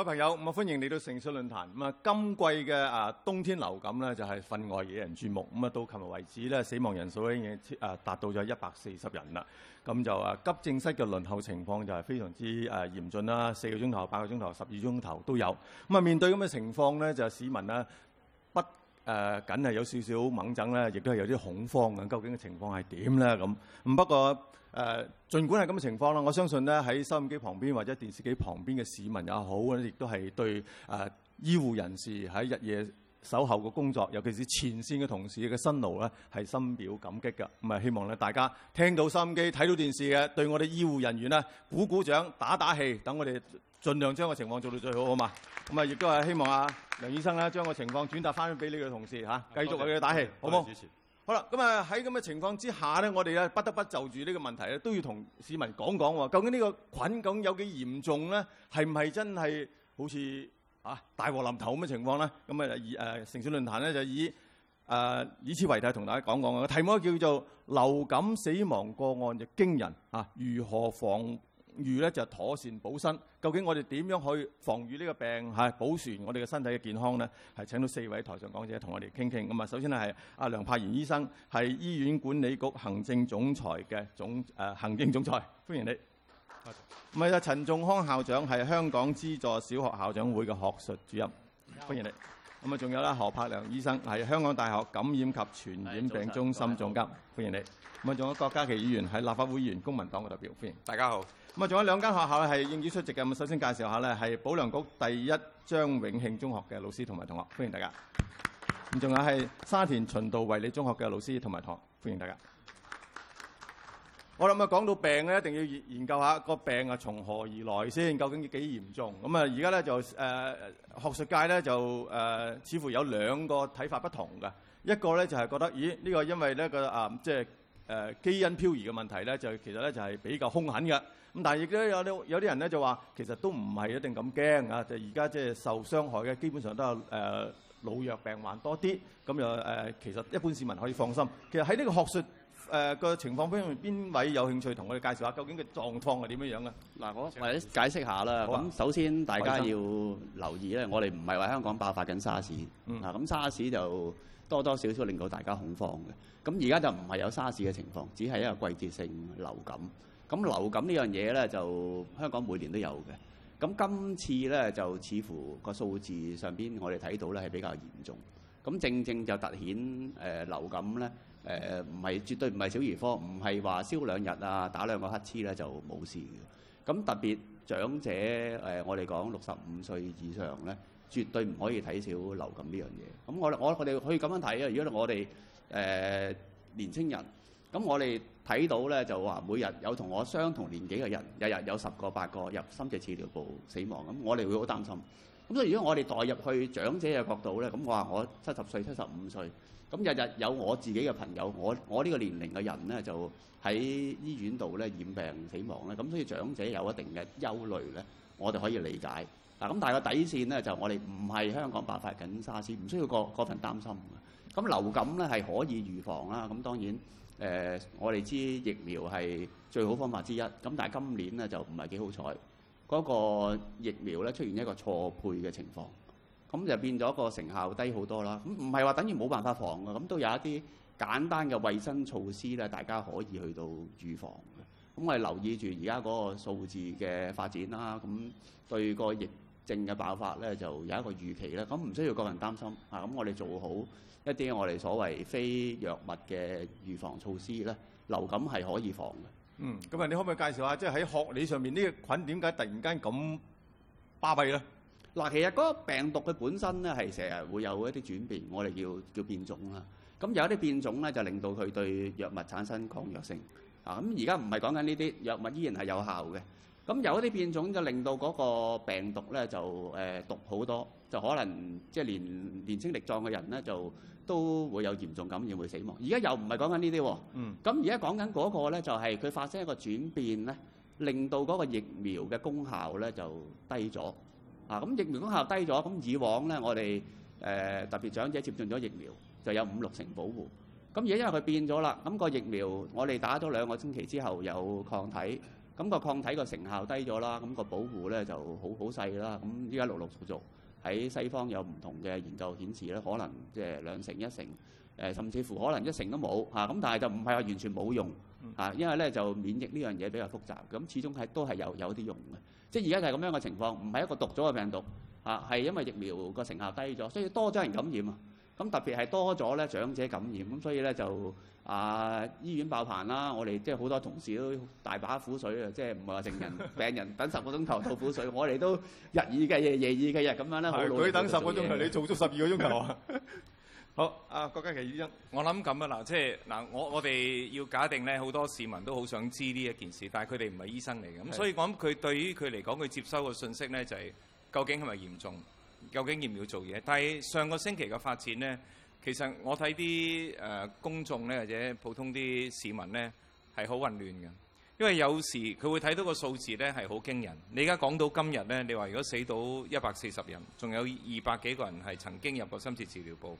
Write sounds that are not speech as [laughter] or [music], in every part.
各位朋友，咁啊歡迎嚟到城市論壇。咁啊，今季嘅啊冬天流感咧就係分外惹人注目。咁啊，到琴日為止咧，死亡人數已經啊達到咗一百四十人啦。咁就啊急症室嘅輪候情況就係非常之誒嚴峻啦。四個鐘頭、八個鐘頭、十二鐘頭都有。咁啊面對咁嘅情況咧，就市民啊不誒僅係有少少猛增咧，亦都係有啲恐慌嘅。究竟嘅情況係點咧？咁唔不過。誒，儘管係咁嘅情況啦，我相信咧喺收音機旁邊或者電視機旁邊嘅市民也好，咧亦都係對誒、呃、醫護人士喺日夜守候嘅工作，尤其是前線嘅同事嘅辛勞咧，係深表感激㗎。咁啊，希望咧大家聽到收音機睇到電視嘅，對我哋醫護人員咧鼓鼓掌打打氣，等我哋盡量將個情況做到最好，好嘛？咁啊，亦都係希望啊梁醫生咧將個情況轉達翻俾呢個同事嚇，繼續為佢打氣，好唔好？好啦，咁啊喺咁嘅情況之下咧，我哋咧不得不就住呢個問題咧，都要同市民講講喎。究竟呢個菌感有幾嚴重咧？係唔係真係好似啊大禍臨頭咁嘅情況咧？咁啊以誒城市論壇咧就以誒、呃、以此為題同大家講講嘅題目叫做流感死亡個案嘅驚人嚇、啊，如何防預咧就妥善保身。究竟我哋點樣去防禦呢個病，係保全我哋嘅身體嘅健康呢？係請到四位台上講者同我哋傾傾。咁啊，首先呢係阿梁栢賢醫生，係醫院管理局行政總裁嘅總誒行政總裁，歡迎你。唔係啊，陳仲康校長係香港資助小學校長會嘅學術主任，歡迎你。咁啊，仲有咧何栢良醫生係香港大學感染及傳染病，病中心總監，歡迎你。咁啊，仲有郭家麒議員係立法會議員，公民黨嘅代表，歡迎大家好。咁啊，仲有兩間學校咧係應召出席嘅。咁首先介紹下咧，係保良局第一張永慶中學嘅老師同埋同學，歡迎大家。咁仲有係沙田循道衛理中學嘅老師同埋同學，歡迎大家。我諗啊，講到病咧，一定要研研究下個病啊從何而來先，究竟幾嚴重。咁啊，而家咧就誒學術界咧就誒似乎有兩個睇法不同嘅。一個咧就係覺得，咦，呢個因為呢個啊即係。就是誒基因漂移嘅問題咧，就其實咧就係比較兇狠嘅。咁但係亦都有啲有啲人咧就話，其實都唔係一定咁驚啊！就而家即係受傷害嘅，基本上都係誒老弱病患多啲。咁又誒，其實一般市民可以放心。其實喺呢個學術誒個情況方面，邊位有興趣同我哋介紹下究竟嘅狀況係點樣樣嘅？嗱，我或者解釋下啦。咁首先大家要留意咧，我哋唔係話香港爆發緊沙士。嗯。啊，咁沙士就，多多少少令到大家恐慌嘅，咁而家就唔係有沙士嘅情況，只係一個季節性流感。咁流感這件事呢樣嘢咧，就香港每年都有嘅。咁今次咧就似乎個數字上邊我哋睇到咧係比較嚴重。咁正正就凸顯誒流感咧，誒唔係絕對唔係小兒科，唔係話燒兩日啊，打兩個乞嗤咧就冇事嘅。咁特別長者誒，呃，我哋講六十五歲以上咧。絕對唔可以睇少流感呢樣嘢。咁我我哋可以咁樣睇啊。如果我哋誒、呃、年青人，咁我哋睇到咧就話每日有同我相同年紀嘅人，日日有十個八個入深切治療部死亡，咁我哋會好擔心。咁所以如果我哋代入去長者嘅角度咧，咁我話我七十歲、七十五歲，咁日日有我自己嘅朋友，我我呢個年齡嘅人咧就喺醫院度咧染病死亡咧，咁所以長者有一定嘅憂慮咧，我哋可以理解。嗱咁，但係個底線咧就我哋唔係香港爆發緊沙士，唔需要過過份擔心。咁流感咧係可以預防啦。咁當然，誒、呃、我哋知道疫苗係最好方法之一。咁但係今年咧就唔係幾好彩，嗰、嗰個疫苗咧出現一個錯配嘅情況，咁就變咗個成效低好多啦。咁唔係話等於冇辦法防㗎。咁都有一啲簡單嘅衞生措施咧，大家可以去到預防嘅。咁我哋留意住而家嗰個數字嘅發展啦。咁對嗰個疫，正嘅爆發咧，就有一個預期咧，咁唔需要個人擔心吓。咁我哋做好一啲我哋所謂非藥物嘅預防措施咧，流感係可以防嘅。嗯，咁啊，你可唔可以介紹下，即係喺學理上面呢個菌點解突然間咁巴閉咧？嗱，其實嗰個病毒嘅本身咧係成日會有一啲轉變，我哋叫叫變種啦。咁有一啲變種咧就令到佢對藥物產生抗藥性。啊，咁而家唔係講緊呢啲藥物，依然係有效嘅。咁有一啲變種就令到嗰個病毒咧就誒毒好多，就可能即係年年輕力壯嘅人咧就都會有嚴重感染會死亡。而家又唔係講緊呢啲喎。嗯，咁而家講緊嗰個咧就係佢發生一個轉變咧，令到嗰個疫苗嘅功效咧就低咗。啊，咁疫苗功效低咗，咁以往咧我哋誒特別長者接種咗疫苗就有五六成保護。咁而家因為佢變咗啦，咁個疫苗我哋打咗兩個星期之後有抗體。咁、那個抗體個成效低咗啦，咁、那個保護咧就好好細啦。咁依家陸陸續續喺西方有唔同嘅研究顯示咧，可能即係兩成一成，誒、呃、甚至乎可能一成都冇嚇。咁、啊、但係就唔係話完全冇用嚇、啊，因為咧就免疫呢樣嘢比較複雜，咁始終係都係有有啲用嘅。即係而家就係咁樣嘅情況，唔係一個毒咗嘅病毒嚇，係、啊、因為疫苗個成效低咗，所以多咗人感染啊。咁特別係多咗咧長者感染，咁所以咧就啊醫院爆棚啦！我哋即係好多同事都大把苦水啊，即係唔係話成人 [laughs] 病人等十個鐘頭吐苦水，我哋都日以繼夜、夜以繼日咁樣啦。佢等十個鐘頭，你做足十二個鐘頭 [laughs] [laughs] [laughs] 啊！好，阿郭家麒醫生，我諗咁啊嗱，即係嗱我我哋要假定咧，好多市民都好想知呢一件事，但係佢哋唔係醫生嚟嘅，咁所以我諗佢對於佢嚟講，佢接收嘅信息咧就係、是、究竟係咪嚴重？究竟要唔要做嘢？但係上個星期嘅發展呢，其實我睇啲誒公眾呢，或者普通啲市民呢，係好混亂嘅。因為有時佢會睇到個數字呢，係好驚人。你而家講到今日呢，你話如果死到一百四十人，仲有二百幾個人係曾經入過深切治、治療部，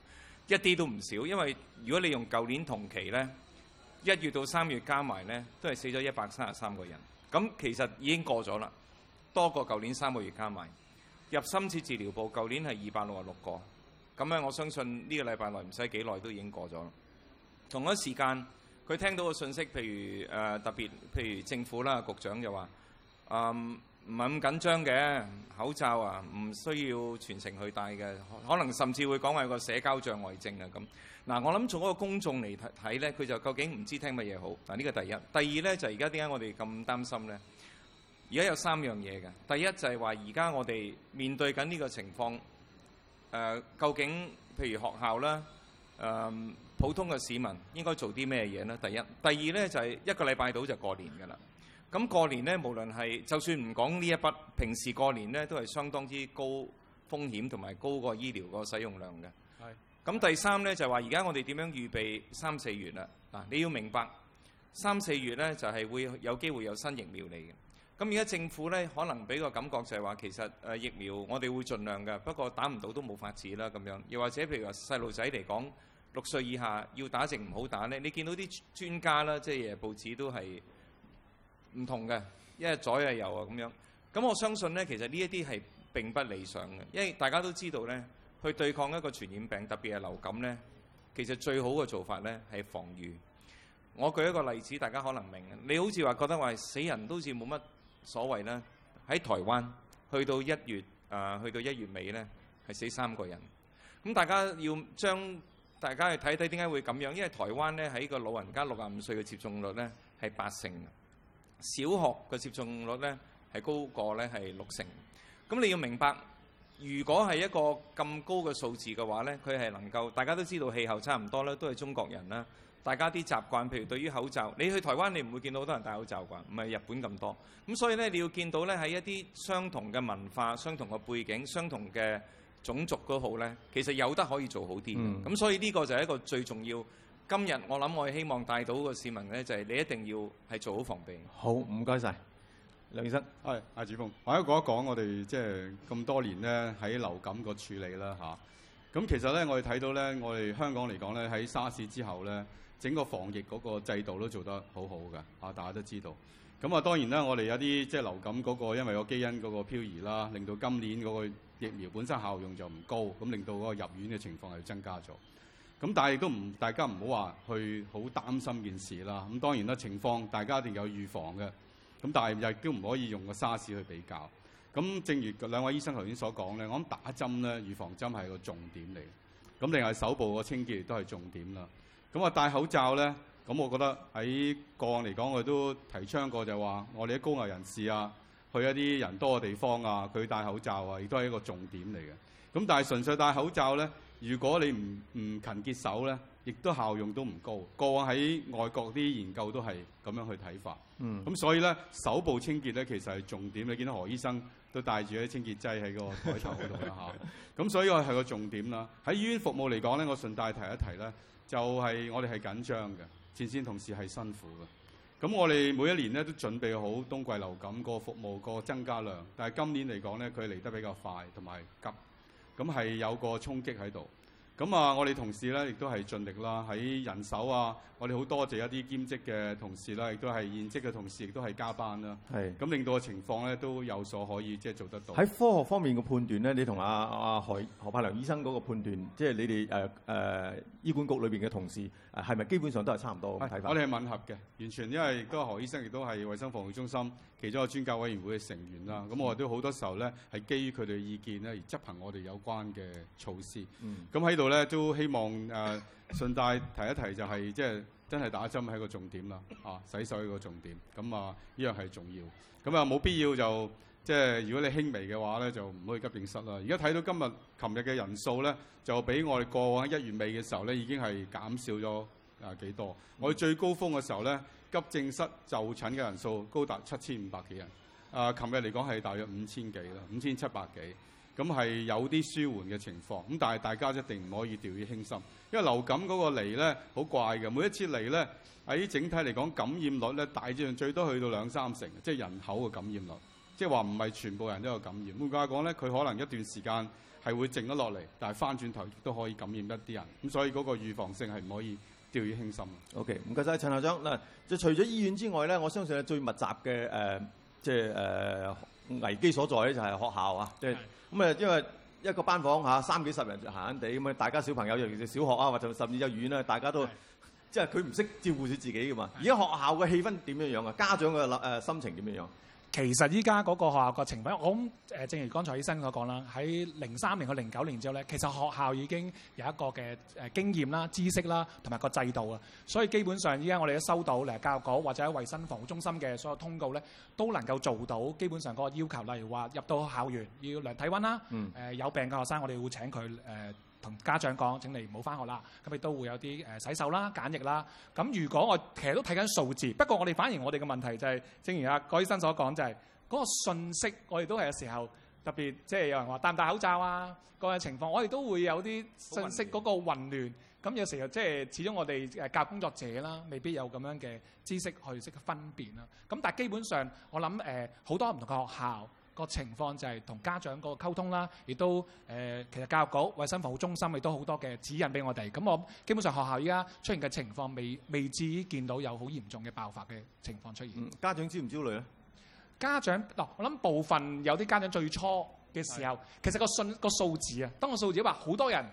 一啲都唔少。因為如果你用舊年同期呢，一月到三月加埋呢，都係死咗一百三十三個人。咁其實已經過咗啦，多過舊年三個月加埋。入深切治療部，舊年係二百六十六個，咁咧我相信呢個禮拜內唔使幾耐都已經過咗。同一時間，佢聽到個信息，譬如誒、呃、特別，譬如政府啦，局長就話：誒唔係咁緊張嘅，口罩啊唔需要全程去戴嘅，可能甚至會講話有個社交障礙症啊咁。嗱、啊，我諗從一個公眾嚟睇咧，佢就究竟唔知聽乜嘢好。嗱、啊，呢、呢個第一。第二咧就而家點解我哋咁擔心咧？而家有三樣嘢嘅，第一就係話，而家我哋面對緊呢個情況，誒、呃，究竟譬如學校啦，誒、呃，普通嘅市民應該做啲咩嘢呢？第一，第二呢，就係、是、一個禮拜到就過年嘅啦。咁過年呢，無論係就算唔講呢一筆，平時過年呢都係相當之高風險同埋高個醫療個使用量嘅。係。咁第三呢，就係話，而家我哋點樣預備三四月啦？嗱，你要明白三四月呢，就係、是、會有機會有新疫苗嚟嘅。咁而家政府咧，可能俾個感覺就係話，其實誒疫苗我哋會盡量嘅，不過打唔到都冇法子啦咁樣。又或者譬如話細路仔嚟講，六歲以下要打剩唔好打咧，你見到啲專家啦，即係夜報紙都係唔同嘅，一係左一係右啊咁樣。咁我相信咧，其實呢一啲係並不理想嘅，因為大家都知道咧，去對抗一個傳染病，特別係流感咧，其實最好嘅做法咧係防禦。我舉一個例子，大家可能明。你好似話覺得話死人都好似冇乜。所謂呢，喺台灣去到一月啊、呃，去到一月尾呢，係死三個人。咁大家要將大家去睇睇點解會咁樣，因為台灣呢，喺個老人家六十五歲嘅接種率呢，係八成，小學嘅接種率呢，係高過呢，係六成。咁你要明白，如果係一個咁高嘅數字嘅話呢，佢係能夠大家都知道氣候差唔多啦，都係中國人啦。大家啲習慣，譬如對於口罩，你去台灣你唔會見到好多人戴口罩啩，唔係日本咁多。咁所以呢，你要見到呢喺一啲相同嘅文化、相同嘅背景、相同嘅種族都好呢，其實有得可以做好啲。咁、嗯、所以呢個就係一個最重要。今日我諗我係希望帶到個市民呢，就係、是、你一定要係做好防備。好，唔該晒，梁醫生。係、哎、阿主峰，或者說一說我喺度講一講我哋即係咁多年呢喺流感個處理啦吓，咁、啊、其實呢，我哋睇到呢，我哋香港嚟講呢，喺沙士之後呢。整個防疫嗰個制度都做得好好嘅，啊，大家都知道。咁啊當然啦，我哋有啲即係流感嗰個，因為個基因嗰個漂移啦，令到今年嗰個疫苗本身效用就唔高，咁令到嗰個入院嘅情況係增加咗。咁但係亦都唔，大家唔好話去好擔心件事啦。咁當然啦，情況大家一定有預防嘅。咁但係亦都唔可以用個沙士去比較。咁正如兩位醫生頭先所講咧，我諗打針咧預防針係個重點嚟。咁另外手部個清潔亦都係重點啦。咁啊！戴口罩咧，咁我覺得喺個案嚟講，我都提倡過就係話，我哋啲高危人士啊，去一啲人多嘅地方啊，佢戴口罩啊，亦都係一個重點嚟嘅。咁但係純粹戴口罩咧，如果你唔唔勤潔手咧，亦都效用都唔高。個案喺外國啲研究都係咁樣去睇法。嗯。咁所以咧，手部清潔咧，其實係重點。你見到何醫生都帶住啲清潔劑喺個台頭度啦嚇。咁 [laughs] 所以係個重點啦。喺醫院服務嚟講咧，我順帶提一提咧。就係我哋係緊張嘅，前線同事係辛苦嘅。咁我哋每一年咧都準備好冬季流感個服務個增加量，但係今年嚟講咧，佢嚟得比較快同埋急，咁係有個衝擊喺度。咁啊，我哋同事咧亦都係盡力啦，喺人手啊，我哋好多謝一啲兼職嘅同事啦，亦都係現職嘅同事亦都係加班啦。係，咁令到個情況咧都有所可以即係、就是、做得到。喺科學方面嘅判斷咧，你同阿阿何何栢良醫生嗰個判斷，即、就、係、是、你哋誒誒醫管局裏邊嘅同事係咪基本上都係差唔多睇法？我哋係吻合嘅，完全因為個何醫生亦都係衛生防護中心其中一個專家委員會嘅成員啦。咁、嗯、我哋都好多時候咧係基於佢哋嘅意見咧而執行我哋有關嘅措施。嗯。咁喺度。咧都希望誒、呃、順帶提一提、就是，就係即係真係打針係個重點啦，啊，洗手係個重點。咁啊，呢樣係、啊、重要。咁啊，冇必要就即係、就是、如果你輕微嘅話咧，就唔好去急症室啦。而家睇到今日、琴日嘅人數咧，就比我哋過往喺一月尾嘅時候咧，已經係減少咗啊幾多。我哋最高峰嘅時候咧，急症室就診嘅人數高達七千五百幾人。啊，琴日嚟講係大約五千幾啦，五千七百幾。咁係有啲舒緩嘅情況，咁但係大家一定唔可以掉以輕心，因為流感嗰個嚟咧好怪嘅，每一次嚟咧喺整體嚟講感染率咧大致上最多去到兩三成，即係人口嘅感染率，即係話唔係全部人都有感染。換句話講咧，佢可能一段時間係會靜得落嚟，但係翻轉頭都可以感染一啲人，咁所以嗰個預防性係唔可以掉以輕心。OK，唔該晒陳校長。嗱，就除咗醫院之外咧，我相信係最密集嘅誒，即係誒。呃，就是危機所在咧就係學校啊，即係咁啊，因為一個班房嚇、啊、三幾十人就閑閑哋咁啊，大家小朋友尤其是小學啊，或者甚至幼稚園啊，大家都即係佢唔識照顧住自己噶嘛。而家學校嘅氣氛點樣樣啊？家長嘅誒、呃、心情點樣樣，啊？其實依家嗰個學校個情況，我諗誒，正如剛才醫生所講啦，喺零三年去零九年之後咧，其實學校已經有一個嘅誒經驗啦、知識啦同埋個制度啊，所以基本上依家我哋都收到嚟教育局或者喺衞生防護中心嘅所有通告咧，都能夠做到基本上嗰個要求，例如話入到校園要量體温啦、嗯呃，有病嘅學生我哋會請佢同家長講：請你唔好翻學啦。咁咪都會有啲誒洗手啦、揀疫啦。咁如果我其實都睇緊數字，不過我哋反而我哋嘅問題就係，正如阿郭醫生所講，就係嗰個信息，我哋都係有時候特別，即係有人話戴唔戴口罩啊，各樣情況，我哋都會有啲信息嗰個混亂。咁有時候即係始終我哋誒教工作者啦，未必有咁樣嘅知識去識分辨啦。咁但係基本上，我諗誒好多唔同嘅學校。個情況就係同家長嗰個溝通啦，亦都誒、呃、其實教育局、衞生防護中心亦都好多嘅指引俾我哋。咁我基本上學校依家出現嘅情況未，未未至於見到有好嚴重嘅爆發嘅情況出現。家長焦唔焦慮咧？家長嗱，我諗部分有啲家長最初嘅時候，其實個信個數字啊，當個數字話好多人誒誒、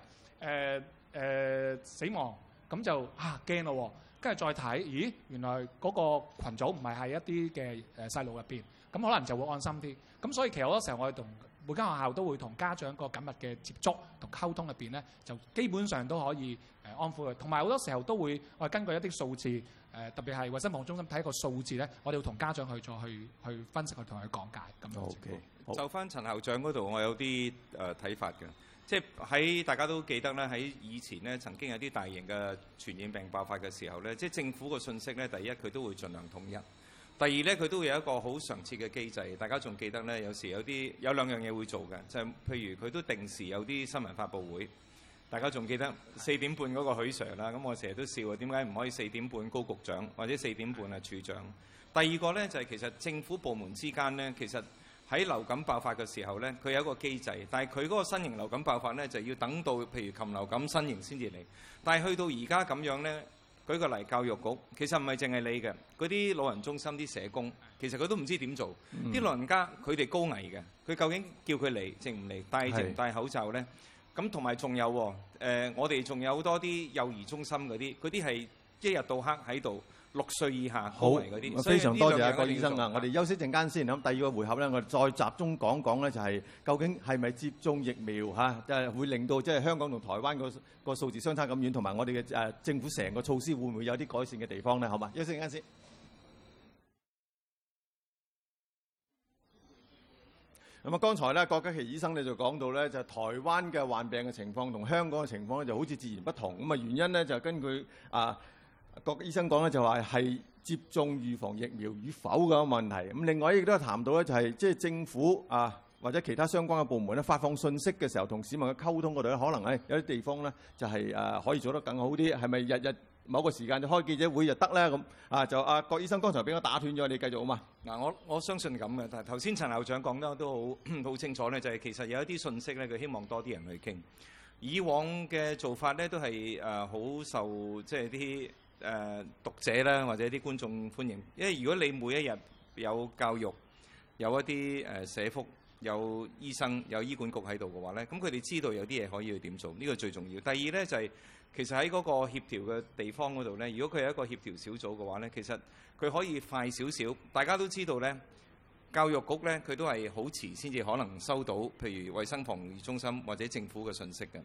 呃呃、死亡，咁就嚇驚咯喎。跟、啊、住、哦、再睇，咦，原來嗰個羣組唔係喺一啲嘅誒細路入邊。咁可能就會安心啲，咁所以其實好多時候我哋同每間學校都會同家長個緊密嘅接觸同溝通入邊咧，就基本上都可以誒、呃、安撫佢。同埋好多時候都會我哋根據一啲數字誒、呃，特別係衞生防護中心睇一個數字咧，我哋會同家長去再去去分析去同佢講解咁樣嘅情、okay. 就翻陳校長嗰度，我有啲誒睇法嘅，即係喺大家都記得咧，喺以前咧曾經有啲大型嘅傳染病爆發嘅時候咧，即係政府嘅信息咧，第一佢都會盡量統一。第二呢，佢都會有一個好常設嘅機制，大家仲記得呢，有時有啲有兩樣嘢會做嘅，就係譬如佢都定時有啲新聞發佈會，大家仲記得四點半嗰個許 Sir 啦。咁我成日都笑啊，點解唔可以四點半高局長或者四點半啊處長？第二個呢，就係其實政府部門之間呢，其實喺流感爆發嘅時候呢，佢有一個機制，但係佢嗰個新型流感爆發呢，就要等到譬如禽流感新型先至嚟，但係去到而家咁樣呢。舉個例，教育局其實唔係淨係你嘅，嗰啲老人中心啲社工，其實佢都唔知點做。啲、嗯、老人家佢哋高危嘅，佢究竟叫佢嚟，淨唔嚟，戴定唔戴口罩咧？咁同埋仲有誒、呃，我哋仲有好多啲幼兒中心嗰啲，嗰啲係一日到黑喺度。六歲以下好啲、就是，非常多謝啊，郭醫生啊，我哋休息陣間先，諗第二個回合咧，我哋再集中講講咧、就是，就係究竟係咪接種疫苗嚇，就、啊、係會令到即係香港同台灣個、那個數字相差咁遠，同埋我哋嘅誒政府成個措施會唔會有啲改善嘅地方咧？好嘛，休息陣間先。咁啊，剛才咧，郭家麒醫生咧就講到咧，就係、是、台灣嘅患病嘅情況同香港嘅情況咧，就好似截然不同。咁、就是、啊，原因咧就根據啊。郭醫生講咧，就話係接種預防疫苗與否嘅問題。咁另外亦都係談到咧，就係即係政府啊或者其他相關嘅部門咧，發放信息嘅時候同市民嘅溝通嗰度咧，可能咧有啲地方咧就係誒可以做得更好啲。係咪日日某個時間就開記者會就得咧咁啊？就阿郭醫生剛才俾我打斷咗，你繼續啊嘛。嗱，我我相信咁嘅。但係頭先陳校長講得都好好清楚咧，就係、是、其實有一啲信息咧，佢希望多啲人去傾。以往嘅做法咧都係誒好受即係啲。就是誒、呃、讀者啦，或者啲觀眾歡迎，因為如果你每一日有教育，有一啲誒、呃、社福，有醫生，有醫管局喺度嘅話呢，咁佢哋知道有啲嘢可以去點做，呢、呢個最重要。第二呢，就係、是、其實喺嗰個協調嘅地方嗰度呢，如果佢有一個協調小組嘅話呢，其實佢可以快少少。大家都知道呢，教育局呢，佢都係好遲先至可能收到，譬如衛生防疫中心或者政府嘅信息嘅。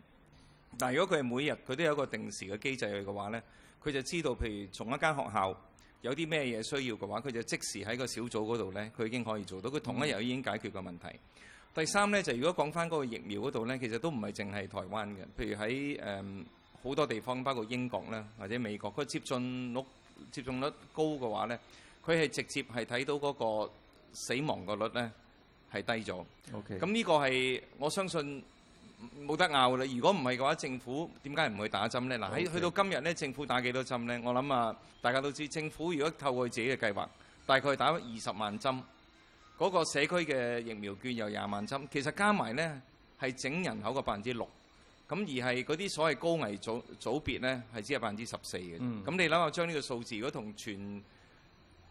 但如果佢係每日佢都有一個定時嘅機制去嘅話呢。佢就知道，譬如從一間學校有啲咩嘢需要嘅話，佢就即時喺個小組嗰度呢，佢已經可以做到。佢同一日已經解決個問題，嗯。第三呢，就如果講返嗰個疫苗嗰度呢，其實都唔係淨係台灣嘅。譬如喺誒好多地方，包括英國啦或者美國，佢接種率接種率高嘅話呢，佢係直接係睇到嗰個死亡個率呢係低咗。OK，咁呢個係我相信。冇得拗啦！如果唔係嘅話，政府點解唔去打針咧？嗱，喺去到今日咧，政府打幾多針咧？我諗啊，大家都知政府如果透過自己嘅計劃，大概打咗二十萬針，嗰、那個社區嘅疫苗券又廿萬針，其實加埋咧係整人口嘅百分之六，咁而係嗰啲所謂高危組組別咧係只有百分之十四嘅。咁、嗯、你諗下，將呢個數字如果同全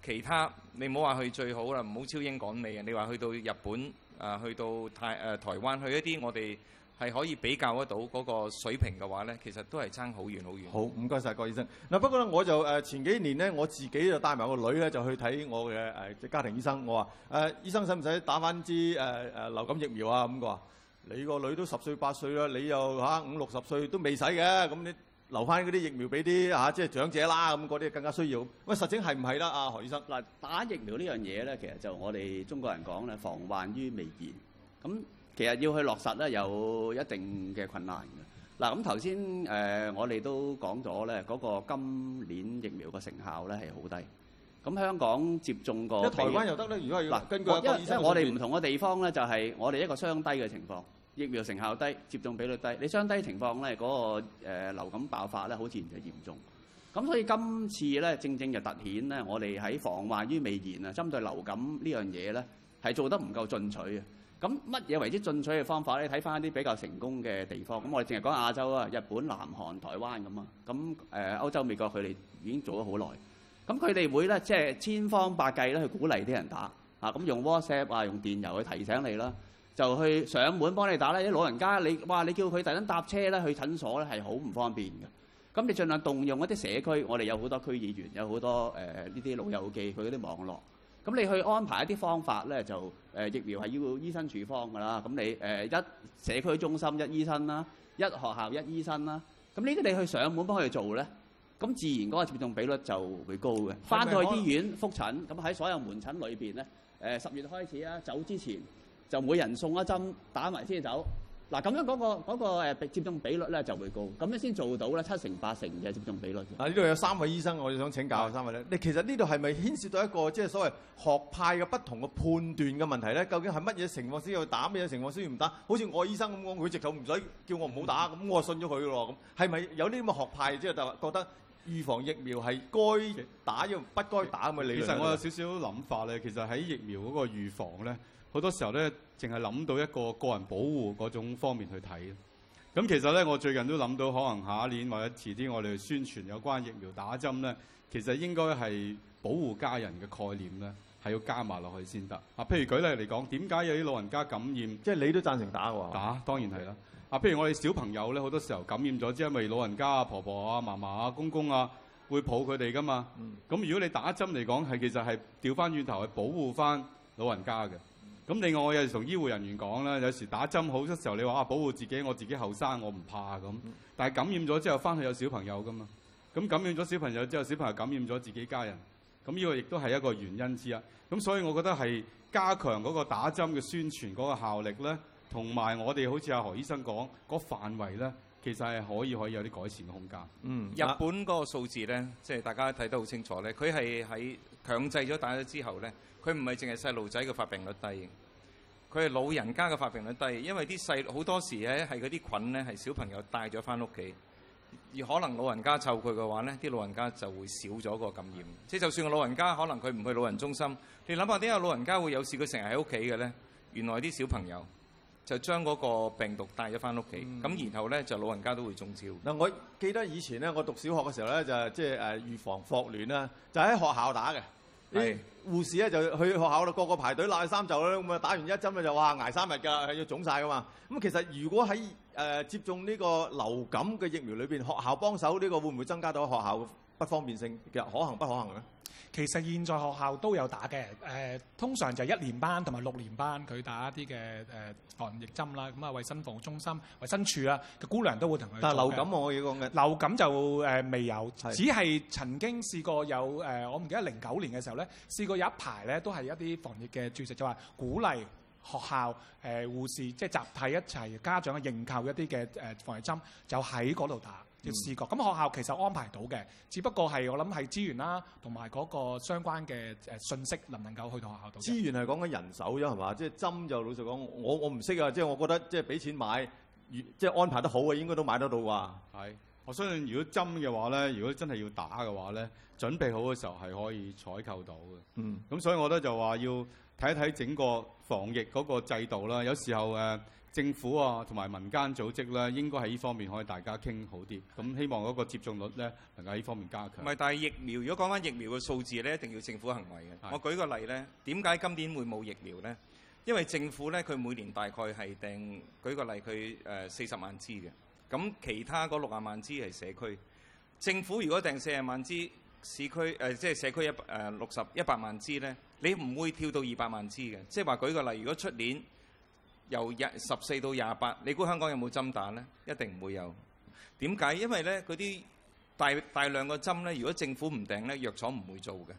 其他，你唔好話係最好啦，唔好超英趕美啊！你話去到日本啊，去到泰啊、呃、台灣，去一啲我哋。係可以比較得到嗰個水平嘅話咧，其實都係差好遠好遠。好，唔該曬郭醫生。嗱，不過咧，我就誒前幾年咧，我自己就帶埋個女咧，就去睇我嘅誒家庭醫生。我話誒醫生，使唔使打翻支誒誒流感疫苗啊？咁佢話你個女都十歲八歲啦，你又嚇五六十歲都未使嘅，咁你留翻嗰啲疫苗俾啲嚇即係長者啦，咁嗰啲更加需要。喂，實情係唔係啦，阿何醫生？嗱，打疫苗呢樣嘢咧，其實就我哋中國人講咧，防患於未然。咁其實要去落實咧，有一定嘅困難嘅。嗱，咁頭先誒，我哋都講咗咧，嗰個今年疫苗嘅成效咧係好低。咁香港接種過，一台灣又得咧，如果要根據，因為我哋唔同嘅地方咧，就係我哋一個雙低嘅情況，疫苗成效低，接種比率低。你雙低情況咧，嗰個誒流感爆發咧，好似就嚴重。咁所以今次咧，正正就凸顯咧，我哋喺防患於未然啊，針對流感呢樣嘢咧，係做得唔夠進取嘅。咁乜嘢為之進取嘅方法咧？睇翻一啲比較成功嘅地方，咁我哋淨係講亞洲啊，日本、南韓、台灣咁啊，咁誒、呃、歐洲、美國佢哋已經做咗好耐，咁佢哋會咧即係千方百計咧去鼓勵啲人打啊，咁用 WhatsApp 啊，用電郵去提醒你啦，就去上門幫你打啦。啲老人家你哇，你叫佢突然間搭車咧去診所咧係好唔方便嘅，咁你儘量動用一啲社區，我哋有好多區議員，有好多誒呢啲老友記，佢嗰啲網絡。咁你去安排一啲方法咧，就、呃、疫苗係要醫生處方㗎啦。咁你、呃、一社區中心一醫生啦，一學校一醫生啦。咁呢啲你去上門幫佢哋做咧，咁自然嗰個接種比率就會高嘅。返到去醫院覆診，咁喺所有門診裏面咧，呃、十月開始啊，走之前就每人送一針，打埋先走。嗱，咁樣嗰個嗰個誒接種比率咧就會高，咁樣先做到咧七成八成嘅接種比率。啊，呢度有三位醫生，我哋想請教三位咧。你其實呢度係咪牽涉到一個即係所謂學派嘅不同嘅判斷嘅問題咧？究竟係乜嘢情況先要打，乜嘢情況先要唔打？好似我醫生咁講，佢直頭唔使叫我唔好打，咁我信咗佢咯。咁係咪有啲咁嘅學派，即係就話覺得預防疫苗係該打又不該打咁嘅理？其實我有少少諗法咧，其實喺疫苗嗰個預防咧。好多時候咧，淨係諗到一個個人保護嗰種方面去睇。咁其實咧，我最近都諗到，可能下一年或者遲啲，我哋宣傳有關疫苗打針咧，其實應該係保護家人嘅概念咧，係要加埋落去先得。啊，譬如舉例嚟講，點解有啲老人家感染？即係你都贊成打㗎喎、啊？打當然係啦。啊，譬如我哋小朋友咧，好多時候感染咗，只係因為老人家啊、婆婆啊、嫲嫲啊、公公啊會抱佢哋㗎嘛。咁、嗯、如果你打針嚟講，係其實係調翻轉頭去保護翻老人家嘅。咁另外，我有時同醫護人員講呢，有時打針好，有時候你話啊，保護自己，我自己後生，我唔怕咁。但係感染咗之後，翻去有小朋友噶嘛。咁感染咗小朋友之後，小朋友感染咗自己家人，咁呢個亦都係一個原因之一。咁所以我覺得係加強嗰個打針嘅宣傳嗰個效力咧，同埋我哋好似阿何醫生講，嗰範圍咧。其實係可以，可以有啲改善嘅空間。嗯，日本嗰個數字呢，即係大家睇得好清楚呢，佢係喺強制咗打咗之後呢，佢唔係淨係細路仔嘅發病率低，佢係老人家嘅發病率低，因為啲細好多時呢係嗰啲菌呢，係小朋友帶咗翻屋企，而可能老人家湊佢嘅話呢，啲老人家就會少咗個感染。即係就算個老人家可能佢唔去老人中心，你諗下點解老人家會有事，佢成日喺屋企嘅呢？原來啲小朋友。就將嗰個病毒帶咗翻屋企，咁、嗯、然後咧就老人家都會中招。嗱，我記得以前咧，我讀小學嘅時候咧，就即係誒預防霍亂啦，就喺、是、學校打嘅。啲護士咧就去學校嗰度個個排隊攬三衫袖咧，咁啊打完一針咧就哇捱三日㗎，係要腫晒㗎嘛。咁其實如果喺、呃、接種呢個流感嘅疫苗裏面，學校幫手呢、這個會唔會增加到學校？不方便性其可行不可行咧？其實現在學校都有打嘅，誒、呃、通常就係一年班同埋六年班，佢打一啲嘅誒防疫針啦。咁、呃、啊，衞生防護中心、衞生處啊，嘅姑娘都會同佢。但係流感我要講嘅，流感就誒未、呃、有，是只係曾經試過有誒、呃，我唔記得零九年嘅時候咧，試過有一排咧都係一啲防疫嘅注射，就話鼓勵學校誒護、呃、士即係、就是、集體一齊家長認購一啲嘅誒防疫針，就喺嗰度打。嗯、要試過咁學校其實安排到嘅，只不過係我諗係資源啦、啊，同埋嗰個相關嘅誒、呃、信息能唔能夠去到學校度？資源係講緊人手啫，係嘛？即係針就老實講，我我唔識啊，即係我覺得即係俾錢買，即係安排得好嘅應該都買得到啩。係，我相信如果針嘅話咧，如果真係要打嘅話咧，準備好嘅時候係可以採購到嘅。嗯，咁所以我覺得就話要睇一睇整個防疫嗰個制度啦。有時候誒。呃政府啊，同埋民間組織呢，應該喺呢方面可以大家傾好啲。咁希望嗰個接種率呢，能夠喺呢方面加強。唔係，但係疫苗如果講翻疫苗嘅數字呢，一定要政府行為嘅。我舉個例呢，點解今年會冇疫苗呢？因為政府呢，佢每年大概係訂，舉個例，佢誒四十萬支嘅。咁其他嗰六十萬支係社區。政府如果訂四十萬支市區，誒即係社區一百誒六十一百萬支呢，你唔會跳到二百萬支嘅。即係話舉個例，如果出年。由十四到廿八，你估香港有冇針打呢？一定唔會有。點解？因為呢，嗰啲大大量個針呢，如果政府唔訂呢，藥廠唔會做嘅。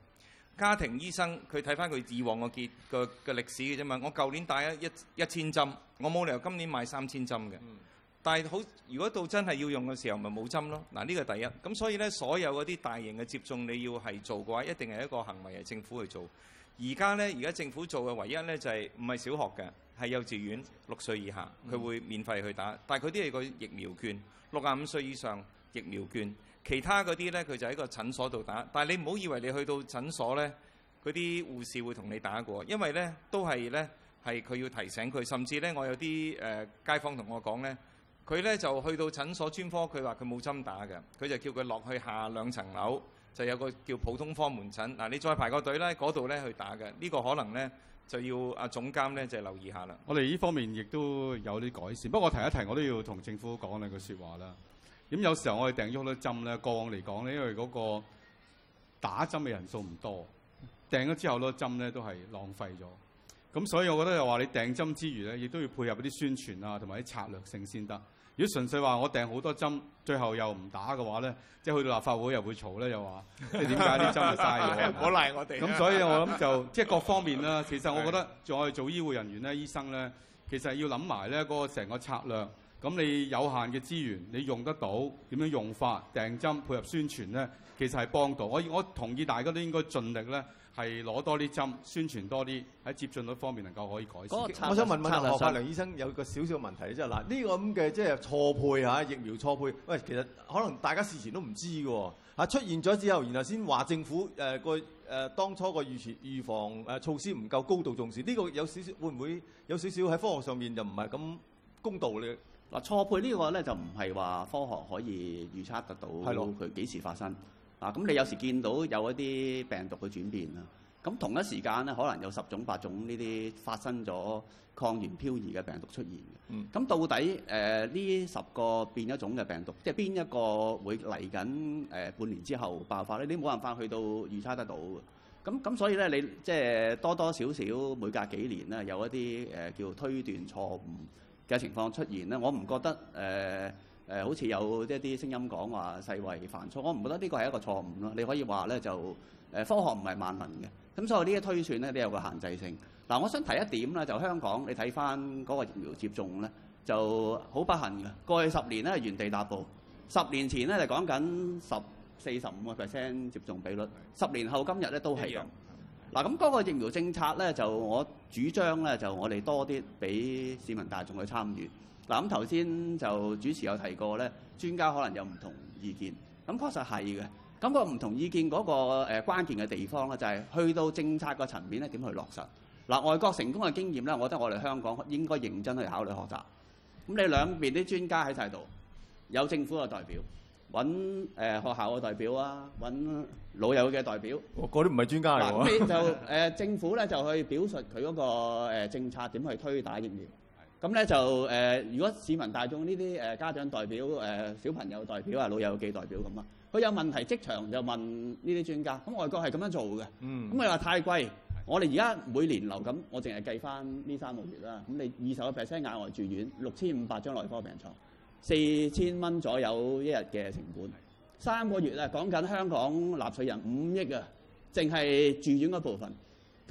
家庭醫生佢睇翻佢以往個結個個歷史嘅啫嘛。我舊年打一一千針，我冇理由今年買三千針嘅、嗯。但係好，如果到真係要用嘅時候，咪冇針咯。嗱，呢個第一。咁所以呢，所有嗰啲大型嘅接種，你要係做嘅話，一定係一個行為係政府去做。而家呢，而家政府做嘅唯一呢就係唔係小學嘅，係幼稚園六歲以下，佢會免費去打。但係佢啲係個疫苗券，六十五歲以上疫苗券，其他嗰啲呢，佢就喺個診所度打。但係你唔好以為你去到診所呢，嗰啲護士會同你打過，因為呢都係呢，係佢要提醒佢。甚至呢，我有啲誒、呃、街坊同我講呢，佢呢就去到診所專科，佢話佢冇針打嘅，佢就叫佢落去下兩層樓。就有個叫普通科門診，嗱你再排個隊咧，嗰度咧去打嘅，呢個可能咧就要阿總監咧就留意下啦。我哋呢方面亦都有啲改善，不過我提一提，我都要同政府講兩句說話啦。咁有時候我哋訂咗好多針咧，過往嚟講咧，因為嗰個打針嘅人數唔多，訂咗之後好多針咧都係浪費咗。咁所以我覺得又話你訂針之餘咧，亦都要配合啲宣傳啊，同埋啲策略性先得。如果純粹話我訂好多針，最後又唔打嘅話咧，即係去到立法會又會嘈咧，又話即係點解啲針係嘥嘢？唔好賴我哋。咁 [laughs] [laughs] 所以我想，我諗就即係各方面啦。其實我覺得我哋 [laughs] 做醫護人員咧，醫生咧，其實要諗埋咧嗰個成個策略。咁你有限嘅資源，你用得到點樣用法？訂針配合宣傳咧，其實係幫到。我我同意大家都應該盡力咧。係攞多啲針，宣傳多啲，喺接種率方面能夠可以改善，那個。我想問問下何栢良醫生有個少少問題，即係嗱，呢個咁嘅即係錯配嚇疫苗錯配。喂，其實可能大家事前都唔知㗎喎，出現咗之後，然後先話政府誒個誒當初個預前預防誒措施唔夠高度重視。呢、呢個有少少會唔會有少少喺科學上面就唔係咁公道咧？嗱、啊、錯配呢個呢個咧就唔係話科學可以預測得到係囉，佢幾時發生。啊，咁你有時見到有一啲病毒嘅轉變啦，咁同一時間咧，可能有十種、八種呢啲發生咗抗原漂移嘅病毒出現嘅。嗯。咁到底誒呢、呃、十個變一種嘅病毒，即係邊一個會嚟緊？誒、呃、半年之後爆發咧，你都冇辦法去到預測得到嘅。咁咁所以咧，你即係多多少少每隔幾年咧，有一啲誒、呃、叫推斷錯誤嘅情況出現咧，我唔覺得誒。呃誒、呃、好似有一啲聲音講話世衞犯錯，我唔覺得呢個係一個錯誤咯。你可以話咧就誒、呃、科學唔係萬能嘅，咁所以呢啲推算咧都有個限制性。嗱、呃，我想提一點咧，就香港你睇翻嗰個疫苗接種咧，就好不幸嘅，過去十年咧原地踏步。十年前咧就講緊十四十五個 percent 接種比率，十年後今日咧都係用。嗱、呃，咁嗰個疫苗政策咧就我主張咧就我哋多啲俾市民大眾去參與。嗱，咁頭先就主持有提過咧，專家可能有唔同意見，咁確實係嘅。咁個唔同意見嗰個誒關鍵嘅地方咧、就係，就係去到政策個層面咧，點去落實？嗱，外國成功嘅經驗咧，我覺得我哋香港應該認真去考慮學習。咁你兩邊啲專家喺晒度，有政府嘅代表，揾誒學校嘅代表啊，揾老友嘅代表。嗰啲唔係專家嚟邊、啊、就誒、 [laughs] 呃、政府咧就去表述佢嗰個政策點去推打疫苗。咁咧就誒、呃，如果市民大眾呢啲誒家長代表、誒、呃、小朋友代表啊、老友記代表咁啊，佢有問題即場就問呢啲專家。咁外國係咁樣做嘅。嗯。咁你話太貴，我哋而家每年流感，我淨係計翻呢三個月啦。咁你二十個 percent 額外住院，六千五百張內科病床，四千蚊左右一日嘅成本。三個月啊，講緊香港納稅人五億啊，淨係住院嗰部分。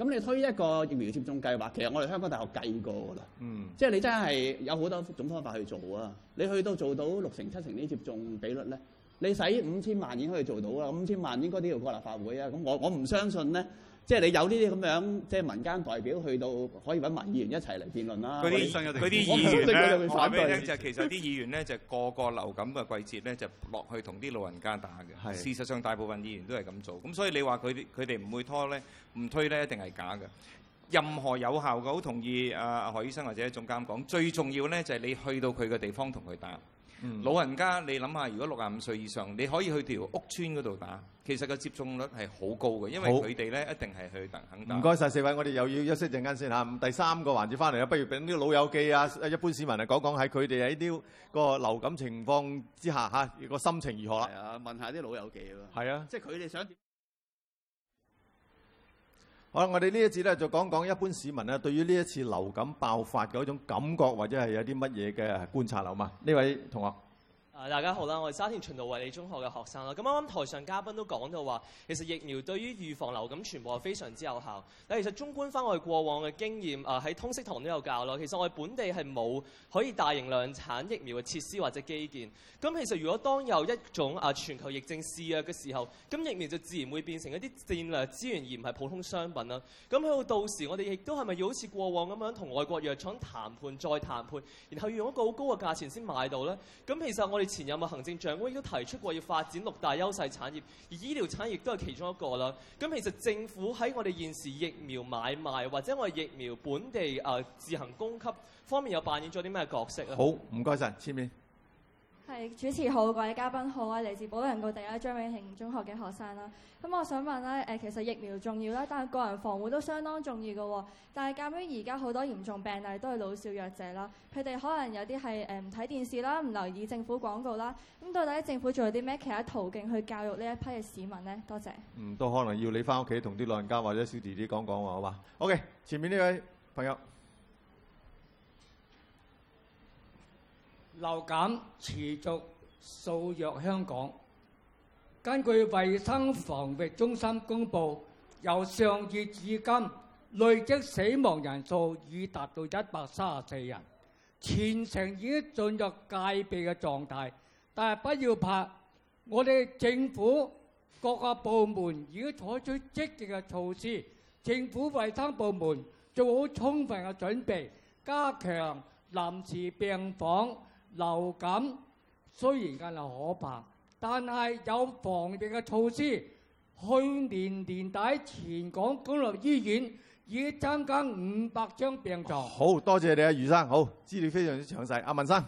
咁你推一個疫苗接種計劃，其實我哋香港大學計過噶啦。嗯，即係你真係有好多種方法去做啊！你去到做到六成七成呢接種比率咧，你使五千萬已經可以做到啦。五千萬應該都要過立法會啊！咁我我唔相信咧。即係你有呢啲咁樣，即係民間代表去到可以揾民議員一齊嚟辯論啦。嗰啲嗰啲議員咧，反對咧就是、其實啲議員咧就個、是、個流感嘅季節咧就落、是、去同啲老人家打嘅。的事實上大部分議員都係咁做，咁所以你話佢哋佢哋唔會拖咧，唔推咧一定係假嘅。任何有效嘅，好同意啊何醫生或者總監講，最重要咧就係、是、你去到佢嘅地方同佢打。老人家，你諗下，如果六十五歲以上，你可以去條屋村嗰度打，其實個接種率係好高嘅，因為佢哋咧一定係去等肯打。唔該晒四位，我哋又要休息陣間先嚇。第三個環節翻嚟啦，不如畀啲老友記啊，一般市民嚟講講喺佢哋喺啲個流感情況之下嚇，個心情如何啦？問下啲老友記喎。係啊，即係佢哋想點？好，我哋呢一次呢，就講講一般市民咧，對於呢一次流感爆發嘅嗰種感覺，或者係有啲乜嘢嘅觀察，好嘛？呢位同學。啊，大家好啦！我係沙田循道衛理中學嘅學生啦。咁啱啱台上嘉賓都講到話，其實疫苗對於預防流感傳播係非常之有效。但其實綜觀返我哋過往嘅經驗，啊喺通識堂都有教咯。其實我哋本地係冇可以大型量產疫苗嘅設施或者基建。咁其實如果當有一種啊全球疫症肆虐嘅時候，咁疫苗就自然會變成一啲戰略資源，而唔係普通商品啦。咁去到到時，我哋亦都係咪要好似過往咁樣同外國藥廠談判再談判，然後要用一個好高嘅價錢先買到呢？咁其實我前任嘅行政長官亦都提出過要發展六大優勢產業，而醫療產業都係其中一個啦。咁其實政府喺我哋現時疫苗買賣或者我哋疫苗本地誒自行供給方面，又扮演咗啲咩角色啊？好，唔該晒，前面。係主持好，各位嘉賓好啊！嚟自保良局第一張永慶中學嘅學生啦。咁我想問咧，誒其實疫苗重要啦，但係個人防護都相當重要嘅喎。但係鑑於而家好多嚴重病例都係老少弱者啦，佢哋可能有啲係誒唔睇電視啦，唔留意政府廣告啦。咁到底政府仲有啲咩其他途徑去教育呢一批嘅市民咧？多謝。嗯，都可能要你翻屋企同啲老人家或者小弟弟講講話，好嘛？OK，前面呢位朋友。流感持續肆虐香港。根據衛生防疫中心公佈，由上月至今累積死亡人數已達到一百三十四人，全城已經進入戒備嘅狀態。但係不要怕，我哋政府各個部門已經採取積極嘅措施，政府衞生部門做好充分嘅準備，加強臨時病房。流感雖然間有可怕，但係有防疫嘅措施。去年年底，全港公立醫院已經增加五百張病床。哦、好多謝你啊，余生，好資料非常之詳細。阿文生，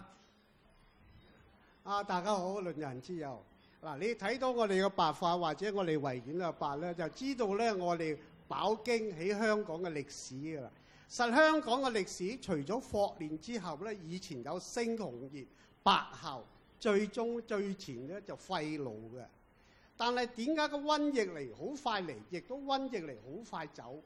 啊，大家好，論人之友嗱、啊，你睇到我哋嘅白化或者我哋維園嘅白咧，就知道咧我哋飽經喺香港嘅歷史㗎啦。實在香港嘅歷史，除咗霍亂之後咧，以前有猩紅熱、白喉，最終最前咧就肺癆嘅。但係點解個瘟疫嚟好快嚟，亦都瘟疫嚟好快走？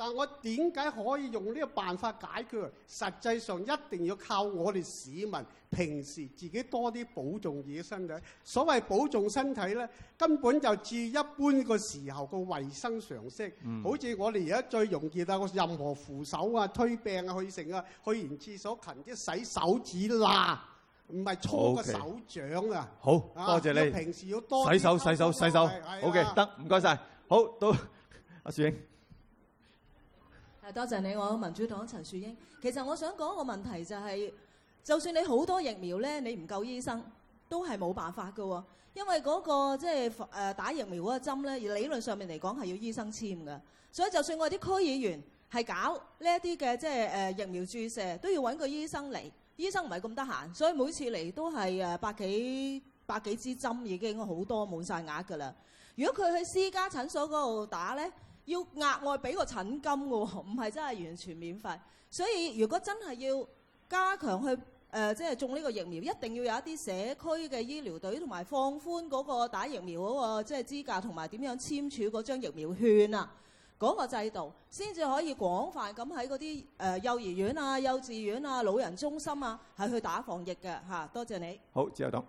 但係我點解可以用呢個辦法解決？實際上一定要靠我哋市民平時自己多啲保重自己身體。所謂保重身體咧，根本就至一般個時候個衞生常識。嗯，好似我哋而家最容易啊，任何扶手啊、推病啊、去成啊、去完廁所勤啲洗手指啦，唔係搓個手掌啊。好，多謝你。平時要多洗手、洗手、洗手。OK，得，唔該曬，好，到阿樹英。多謝你，我民主黨陳樹英。其實我想講個問題就係、是，就算你好多疫苗咧，你唔夠醫生都係冇辦法噶。因為嗰、那個即係誒打疫苗嗰針咧，而理論上面嚟講係要醫生簽噶。所以就算我哋啲區議員係搞呢一啲嘅即係誒疫苗注射，都要搵個醫生嚟。醫生唔係咁得閒，所以每次嚟都係誒百幾百幾支針已經好多滿晒額噶啦。如果佢去私家診所嗰度打咧？要額外俾個診金嘅喎，唔係真係完全免費。所以如果真係要加強去誒，即、呃、係、就是、種呢個疫苗，一定要有一啲社區嘅醫療隊同埋放寬嗰個打疫苗嗰個即係資格同埋點樣簽署嗰張疫苗券啊，嗰、那個制度先至可以廣泛咁喺嗰啲誒幼兒園啊、幼稚園啊、啊、老人中心啊，係去打防疫嘅嚇。多謝你。好，自由黨。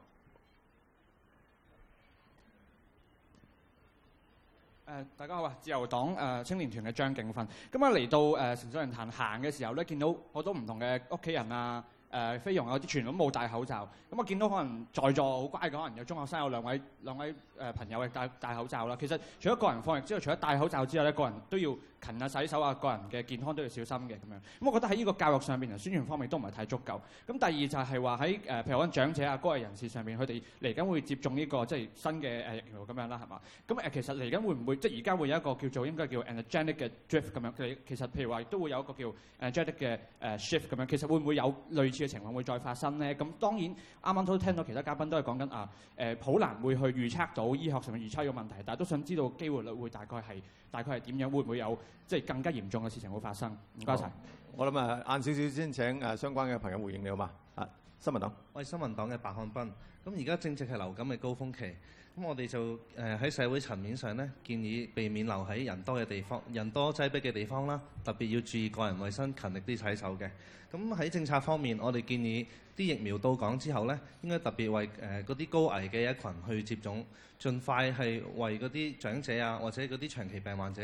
誒、呃，大家好啊！自由黨誒、呃、青年團嘅張景芬。咁啊嚟到誒、呃、城市論壇行嘅時候咧，見到好多唔同嘅屋企人啊、誒菲傭啊，啲全都冇戴口罩。咁、嗯、我見到可能在座好乖嘅，可能有中學生有兩位兩位誒、呃、朋友係戴戴口罩啦。其實除咗個人防疫之外，除咗戴口罩之外咧，個人都要勤啊洗手啊，個人嘅健康都要小心嘅咁樣。咁我覺得喺呢個教育上邊同宣傳方面都唔係太足夠。咁第二就係話喺誒譬如講長者啊高危人士上邊，佢哋嚟緊會接種呢、呢個即係新嘅誒疫苗咁樣啦，係嘛？咁誒、呃、其實嚟緊會唔會即係而家會有一個叫做應該叫 antigenic 嘅 drift 咁樣。佢其實譬如話都會有一個叫 antigenic 嘅誒 shift 咁樣。其實會唔會有類似嘅情況會再發生咧？咁當然啱啱都聽到其他嘉賓都係講緊啊誒，好、呃、難會去預測到醫學上面預測嘅問題，但係都想知道機會率會大概係大概係點樣，會唔會有？即係更加嚴重嘅事情會發生。唔該晒。我諗啊，晏少少先請誒相關嘅朋友回應你好嘛啊，新聞黨。我係新聞黨嘅白漢斌。咁而家正值係流感嘅高峰期，咁我哋就誒喺、呃、社會層面上咧，建議避免留喺人多嘅地方、人多擠逼嘅地方啦。特別要注意個人衞生，勤力啲洗手嘅。咁喺政策方面，我哋建議啲疫苗到港之後咧，應該特別為誒嗰啲高危嘅一群去接種，盡快係為嗰啲長者啊，或者嗰啲長期病患者。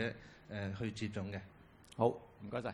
誒去接種嘅，好，唔該晒。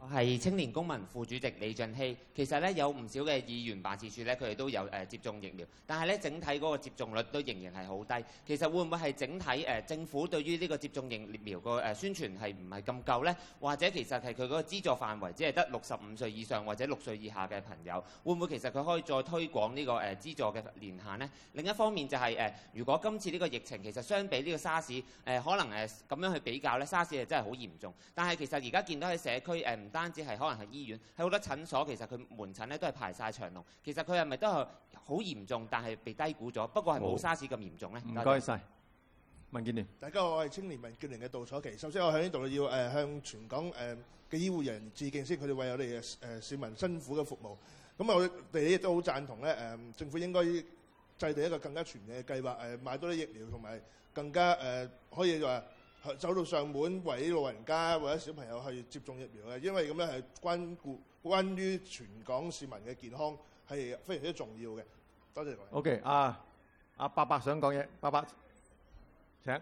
我係青年公民副主席李俊熙。其實咧有唔少嘅議員辦事處咧，佢哋都有誒、呃、接種疫苗，但係咧整體嗰個接種率都仍然係好低。其實會唔會係整體誒、呃、政府對於呢個接種疫苗個誒、呃、宣傳係唔係咁夠呢？或者其實係佢嗰個資助範圍只係得六十五歲以上或者六歲以下嘅朋友，會唔會其實佢可以再推廣呢、這個誒資、呃、助嘅年限呢？另一方面就係、是、誒、呃，如果今次呢個疫情其實相比呢個沙士，r 可能誒咁、呃、樣去比較咧沙士 r 係真係好嚴重。但係其實而家見到喺社區誒。呃唔單止係可能係醫院，係好多診所，其實佢門診咧都係排晒長龍。其實佢係咪都係好嚴重，但係被低估咗？不過係冇沙士咁嚴重咧。唔該晒，民建聯。大家好，我係青年民建聯嘅杜楚琪。首先我喺呢度要誒、呃、向全港誒嘅、呃、醫護人員致敬先，佢哋為我哋誒、呃、市民辛苦嘅服務。咁我哋亦都好贊同咧誒、呃，政府應該制定一個更加全面嘅計劃，誒、呃、買多啲疫苗同埋更加誒、呃、可以話。走到上門為啲老人家或者小朋友去接種疫苗嘅，因為咁樣係關顧關於全港市民嘅健康係非常之重要嘅。多謝各位。OK，阿阿伯伯想講嘢，伯伯請。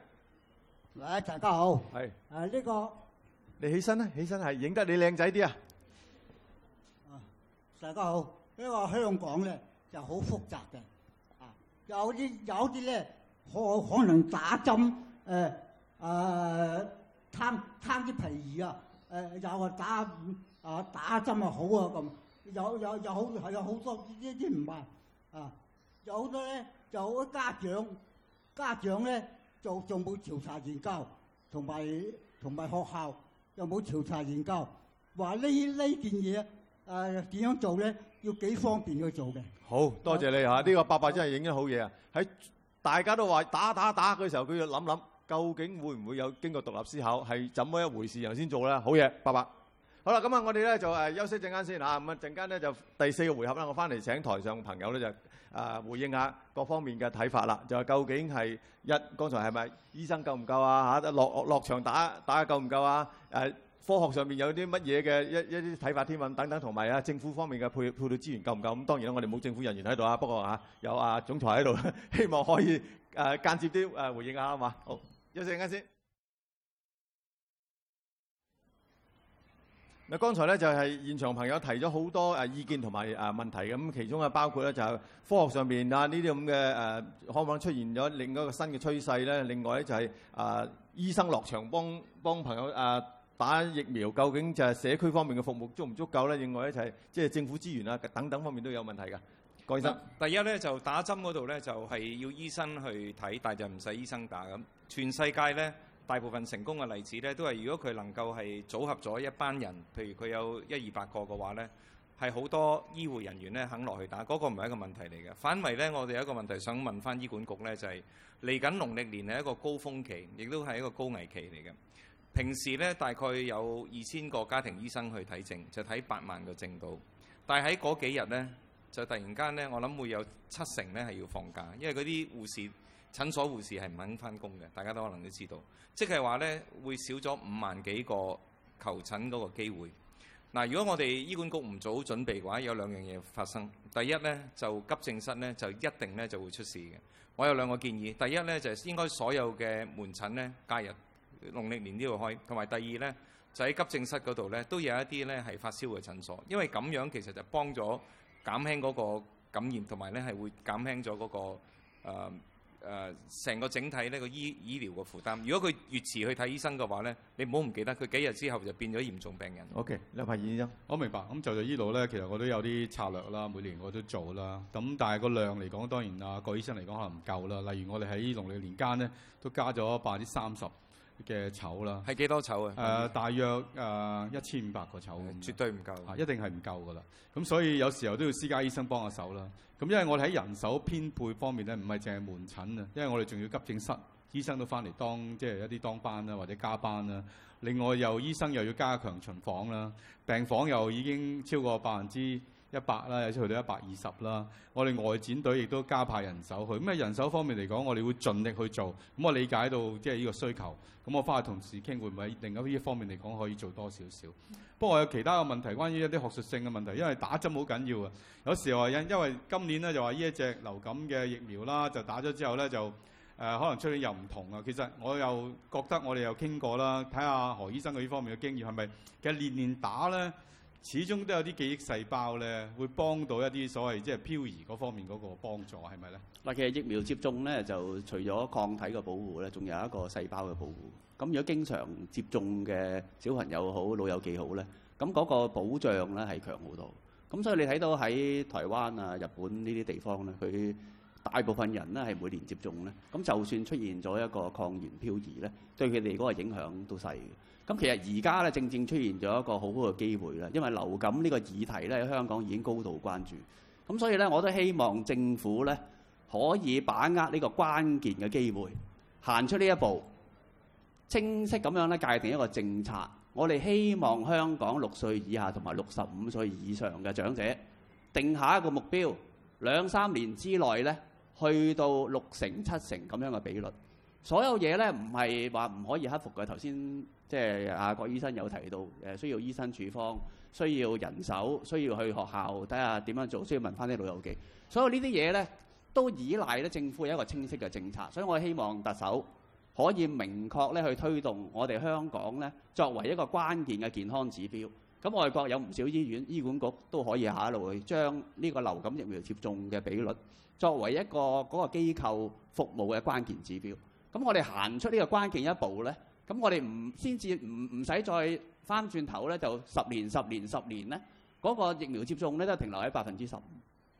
喂，大家好。係。誒、啊、呢個。你起身啦！起身係影得你靚仔啲啊！大家好，因為香港咧就好複雜嘅、啊，有啲有啲咧可可能打針誒。啊誒貪貪啲便宜啊！誒、呃、有啊打啊打針啊，好啊咁，有有有好有好多呢啲唔同啊！有好多咧，就好、啊、多，多家長，家長咧就仲冇調查研究，同埋同埋學校又冇調查研究，話呢呢件嘢誒點樣做咧？要幾方便去做嘅。好，多謝你嚇！呢、啊啊呢個伯伯真係影咗好嘢啊！喺大家都話打打打嘅時候，佢要諗諗。究竟會唔會有經過獨立思考，係怎麼一回事？然後先做咧，好嘢，拜拜。好啦，咁啊，我哋咧就誒休息陣間先嚇，咁啊陣間咧就第四個回合啦。我翻嚟請台上朋友咧就誒回應下各方面嘅睇法啦。就係究竟係一剛才係咪醫生夠唔夠啊？嚇，落落場打打夠唔夠啊？誒，科學上面有啲乜嘢嘅一一啲睇法添啊？等等同埋啊，政府方面嘅配配套資源夠唔夠？咁當然啦，我哋冇政府人員喺度啊，不過嚇有啊總裁喺度，希望可以誒間接啲誒回應下啊嘛。好。休息陣間先。嗱，剛才咧就係、是、現場朋友提咗好多誒、啊、意見同埋誒問題，咁其中啊包括咧就係、是、科學上面啊呢啲咁嘅誒可唔可以出現咗另一個新嘅趨勢咧？另外咧就係、是、誒、啊、醫生落場幫幫朋友誒、啊、打疫苗，究竟就係社區方面嘅服務足唔足夠咧？另外咧就係即係政府資源啊等等方面都有問題㗎。郭醫生，第一咧就打針嗰度咧就係要醫生去睇，但係就唔使醫生打咁。全世界咧，大部分成功嘅例子咧，都係如果佢能夠係組合咗一班人，譬如佢有一二百個嘅話咧，係好多醫護人員咧肯落去打，嗰個唔係一個問題嚟嘅。反為呢，我哋有一個問題想問翻醫管局呢就係嚟緊農曆年係一個高峰期，亦都係一個高危期嚟嘅。平時呢，大概有二千個家庭醫生去睇症，就睇八萬個症到，但喺嗰幾日呢，就突然間呢，我諗會有七成呢係要放假，因為嗰啲護士。診所護士係唔肯翻工嘅，大家都可能都知道，即係話呢會少咗五萬幾個求診嗰個機會。嗱，如果我哋醫管局唔早準備嘅話，有兩樣嘢發生。第一呢，就急症室呢就一定呢就會出事嘅。我有兩個建議，第一呢，就是、應該所有嘅門診呢加入農曆年呢度開，同埋第二呢，就喺急症室嗰度呢都有一啲呢係發燒嘅診所，因為咁樣其實就幫咗減輕嗰個感染，同埋呢係會減輕咗嗰、嗰個、呃誒、呃，成個整體呢個醫醫療嘅負擔，如果佢越遲去睇醫生嘅話咧，你唔好唔記得，佢幾日之後就變咗嚴重病人。OK，兩排意見。我明白，咁就住呢度咧，其實我都有啲策略啦，每年我都做啦。咁但係個量嚟講，當然啊，郭醫生嚟講可能唔夠啦。例如我哋喺農曆年間咧，都加咗百分之三十。嘅籌啦，係幾多籌啊？誒、呃嗯，大約誒一千五百個籌，絕對唔夠、啊，一定係唔夠噶啦。咁所以有時候都要私家醫生幫下手啦。咁因為我哋喺人手編配方面咧，唔係淨係門診啊，因為我哋仲要急症室醫生都翻嚟當即係、就是、一啲當班啦，或者加班啦。另外又醫生又要加強巡房啦，病房又已經超過百分之。一百啦，有時去到一百二十啦。我哋外展隊亦都加派人手去。咁啊，人手方面嚟講，我哋會盡力去做。咁我理解到即係呢個需求。咁我翻去同事傾，會唔會另一呢方面嚟講可以做多少少、嗯？不過有其他嘅問題，關於一啲學術性嘅問題，因為打針好緊要啊。有時候因因為今年咧就話呢一隻流感嘅疫苗啦，就打咗之後咧就誒、呃、可能出現又唔同啊。其實我又覺得我哋又傾過啦，睇下何醫生佢呢方面嘅經驗係咪其實年年打咧。始終都有啲記憶細胞咧，會幫到一啲所謂即係漂移嗰方面嗰個幫助，係咪咧？嗱，其實疫苗接種咧，就除咗抗體嘅保護咧，仲有一個細胞嘅保護。咁如果經常接種嘅小朋友好、老友記好咧，咁嗰個保障咧係強好多。咁所以你睇到喺台灣啊、日本呢啲地方咧，佢大部分人咧係每年接種咧，咁就算出現咗一個抗原漂移咧，對佢哋嗰個影響都細嘅。咁其實而家咧正正出現咗一個好好嘅機會啦，因為流感呢個議題咧喺香港已經高度關注，咁所以咧我都希望政府咧可以把握呢個關鍵嘅機會，行出呢一步，清晰咁樣咧界定一個政策。我哋希望香港六歲以下同埋六十五歲以上嘅長者定下一個目標，兩三年之內咧去到六成七成咁樣嘅比率。所有嘢咧唔係話唔可以克服嘅。頭先，即係阿郭醫生有提到，需要醫生處方，需要人手，需要去學校睇下點樣做，需要問翻啲老友記。所有呢啲嘢呢，都依賴咧政府一個清晰嘅政策。所以我希望特首可以明確咧去推動我哋香港呢作為一個關鍵嘅健康指標。咁外國有唔少醫院醫管局都可以喺度將呢個流感疫苗接種嘅比率作為一個嗰個機構服務嘅關鍵指標。咁我哋行出呢個關鍵一步呢。咁我哋唔先至唔唔使再翻轉頭咧，就十年十年十年咧，嗰個疫苗接種咧都係停留喺百分之十五。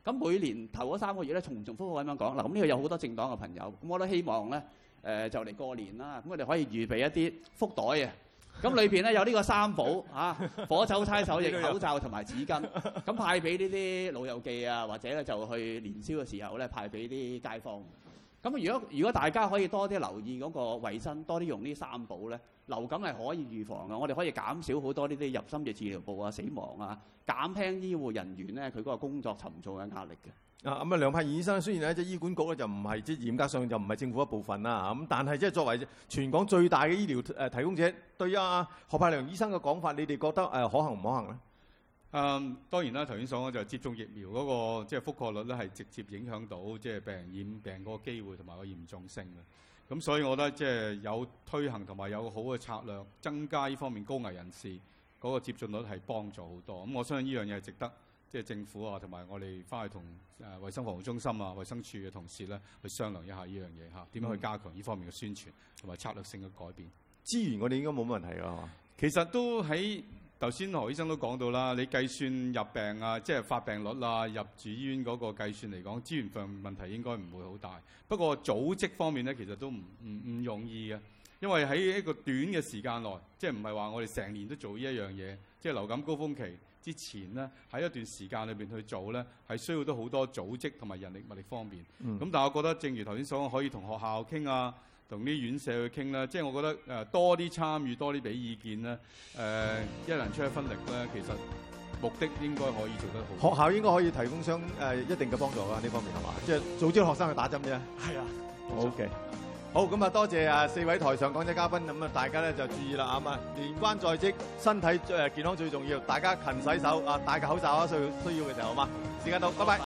咁每年頭嗰三個月咧，重唔重複咁樣講嗱，咁呢個有好多政黨嘅朋友，咁我都希望咧，誒就嚟過年啦，咁我哋可以預備一啲福袋啊，咁裏邊咧有呢個三寶啊，火酒、洗手液、口罩同埋紙巾，咁派俾呢啲老友記啊，或者咧就去年宵嘅時候咧，派俾啲街坊。咁如果如果大家可以多啲留意嗰個衞生，多啲用呢三寶咧，流感係可以預防嘅。我哋可以減少好多呢啲入深切治療部啊、死亡啊，減輕醫護人員咧佢嗰個工作沉重嘅壓力嘅。啊咁啊，梁栢賢醫生雖然咧，即醫管局咧就唔係即嚴格上就唔係政府一部分啦，咁但係即係作為全港最大嘅醫療誒提供者，對啊，何栢良醫生嘅講法，你哋覺得誒可行唔可行咧？誒、um, 當然啦，頭先所講就係、是、接種疫苗嗰、那個即係覆蓋率咧，係直接影響到即係、就是、病人染病嗰個機會同埋個嚴重性嘅。咁所以我覺得即係、就是、有推行同埋有好嘅策略，增加呢方面高危人士嗰個接種率係幫助好多。咁我相信呢樣嘢係值得，即、就、係、是、政府啊同埋我哋翻去同誒衞生防護中心啊、衞生署嘅同事咧去商量一下呢樣嘢吓，點樣去加強呢方面嘅宣傳同埋策略性嘅改變。資、嗯、源我哋應該冇問題㗎，其實都喺。頭先何醫生都講到啦，你計算入病啊，即係發病率啊，入住醫院嗰個計算嚟講，資源上問題應該唔會好大。不過組織方面咧，其實都唔唔唔容易嘅，因為喺一個短嘅時間內，即係唔係話我哋成年都做依一樣嘢，即係流感高峰期之前咧，喺一段時間裏面去做咧，係需要都好多組織同埋人力物力方面。咁、嗯、但我覺得，正如頭先所講，可以同學校傾啊。同啲院舍去傾啦，即係我覺得誒多啲參與，多啲俾意見啦，誒、呃、一人出一分力啦，其實目的應該可以做得好。學校應該可以提供相誒、呃、一定嘅幫助啊，呢方面係嘛？即係組織學生去打針啫。係啊。O K。Okay. 好咁啊，多謝啊四位台上講者嘉賓，咁啊大家咧就注意啦啱啊，年關在即，身體誒健康最重要，大家勤洗手啊，戴個口罩啊，需要需要嘅時候好嘛。時間到，拜拜。拜拜